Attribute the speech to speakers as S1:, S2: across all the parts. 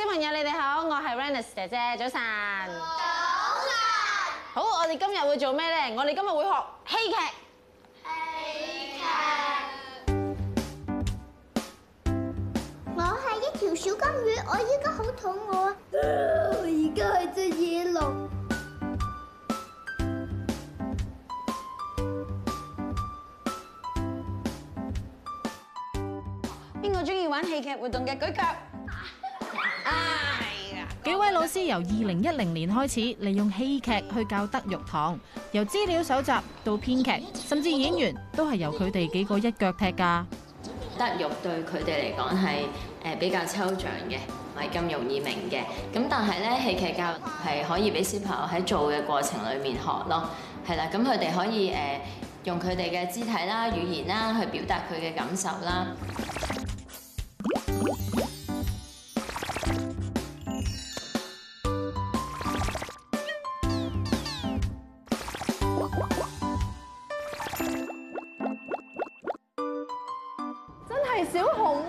S1: 小朋友，你哋好，我係 Rennis 姐姐，早晨。早晨。好，我哋今日會做咩咧？我哋今日會學戲劇。戲劇。我係一條小金魚，我依家好肚餓。我
S2: 而家係隻野龍。邊個中意玩戲劇活動嘅舉腳？幾位老師由
S1: 二零一零年開始利用戲劇去教德育堂，由資料搜集到編劇，甚至演員都係由佢哋幾個一腳踢噶。德育對佢哋嚟講係誒比較抽象嘅，唔係咁容易明嘅。咁但係咧，戲劇教育係可以俾小朋友喺做嘅過程裏面學咯。係啦，咁佢哋可以誒、呃、用佢哋嘅肢體啦、語言啦去表達佢嘅感受啦。小紅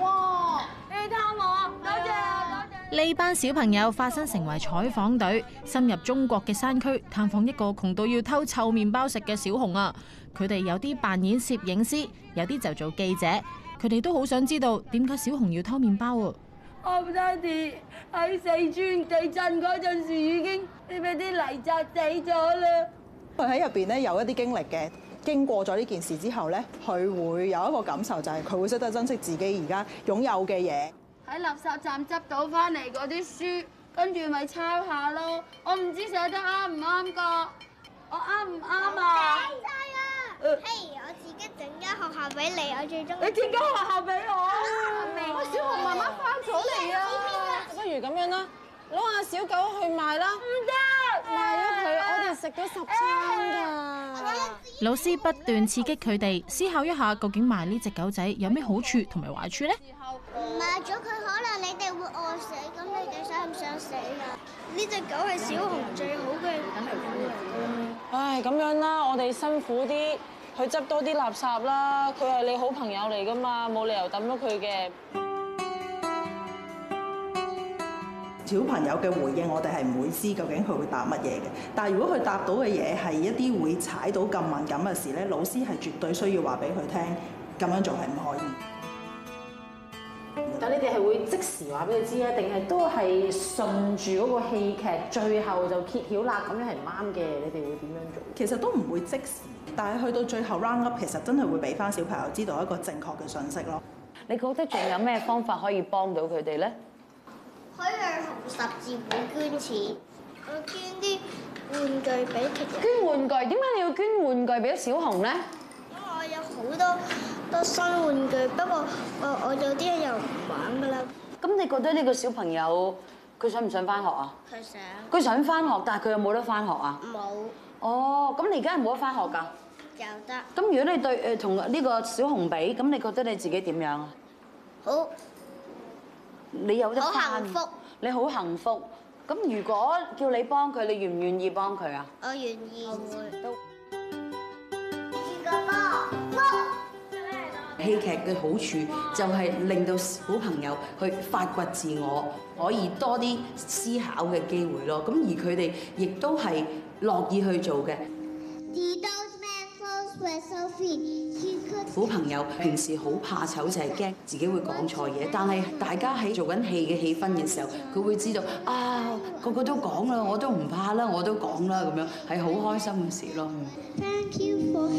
S2: 你嚟探我啊！多吧謝多
S1: 謝。呢班小朋友化身成為採訪隊，深入中國嘅山區探訪一個窮到要偷臭麵包食嘅小紅啊！佢哋有啲扮演攝影師，有啲就做記者，佢哋都好想知道點解小紅要偷麵包啊！
S2: 我唔爹哋喺四川地震嗰陣時已經俾啲泥砸死咗啦。佢喺入邊咧有一啲經歷嘅。經過咗呢件事之後咧，佢會有一個感受，就係佢會識得珍惜自己而家擁有嘅嘢。喺垃圾站執到翻嚟嗰啲書，跟住咪抄下咯。我唔知寫得啱唔啱㗎，我啱唔啱啊？睇曬啦。嘿，我自己整間學校俾你，我最中意。你整間學校俾
S1: 我，小熊媽媽返咗嚟啊！不如咁樣啦，攞下小狗去賣啦。唔得，賣咗佢，我哋食咗十餐㗎。老師不斷刺激佢哋，老師思考一下，究竟賣呢隻狗仔有咩好處同埋壞處咧？賣咗佢可能你哋會餓死，咁你哋想唔想死啊？呢隻狗
S2: 係小紅最好嘅，梗
S1: 係唔好啦。唉，咁樣啦，我哋辛苦啲去執多啲垃圾啦。佢係你好朋友嚟噶嘛，冇理由抌咗佢嘅。
S2: 小朋友嘅回應，我哋係唔會知究竟佢會答乜嘢嘅。但係如果佢答到嘅嘢係一啲會踩到咁敏感嘅事咧，老師係絕對需要話俾佢聽，咁樣做係唔可以。
S1: 但你哋係會即時話俾佢知咧，定係都係順住嗰個戲劇最
S2: 後就揭曉啦？咁樣係唔啱嘅，你哋會點樣做？其實都唔會即時，但係去到最後 round up，其實真係會俾翻小朋友知道一個正確嘅信息咯。你覺得仲有咩方法可以幫到佢哋咧？可以紅十字會捐錢，我捐啲玩具俾佢。捐玩具？點解你要捐玩具俾小紅咧？因
S1: 為我有好多
S2: 多新玩具，不過我我有啲又唔玩噶啦。咁你覺得呢個小朋友佢想唔想翻學啊？佢
S1: 想。佢想
S2: 翻學，但係佢又冇得翻學啊？冇。哦，咁你而家係冇得翻學㗎？有得。咁如果你對誒同呢個小紅比，咁你覺得你自己點樣啊？好。你有得幸福，你好幸福。咁如果叫你幫佢，你願唔願意幫佢啊？我願
S1: 意，我
S2: 會。謝都戲劇嘅好處就係令到小朋友去發掘自我，可以多啲思考嘅機會咯。咁而佢哋亦都係樂意去做嘅。 小朋友平時好怕醜，就係驚自己會講錯嘢。但係大家喺做緊戲嘅氣氛嘅時候，佢會知道啊，個個都講啦，我都唔怕啦，我都講啦，咁樣係好開心嘅事咯。
S1: Thank you for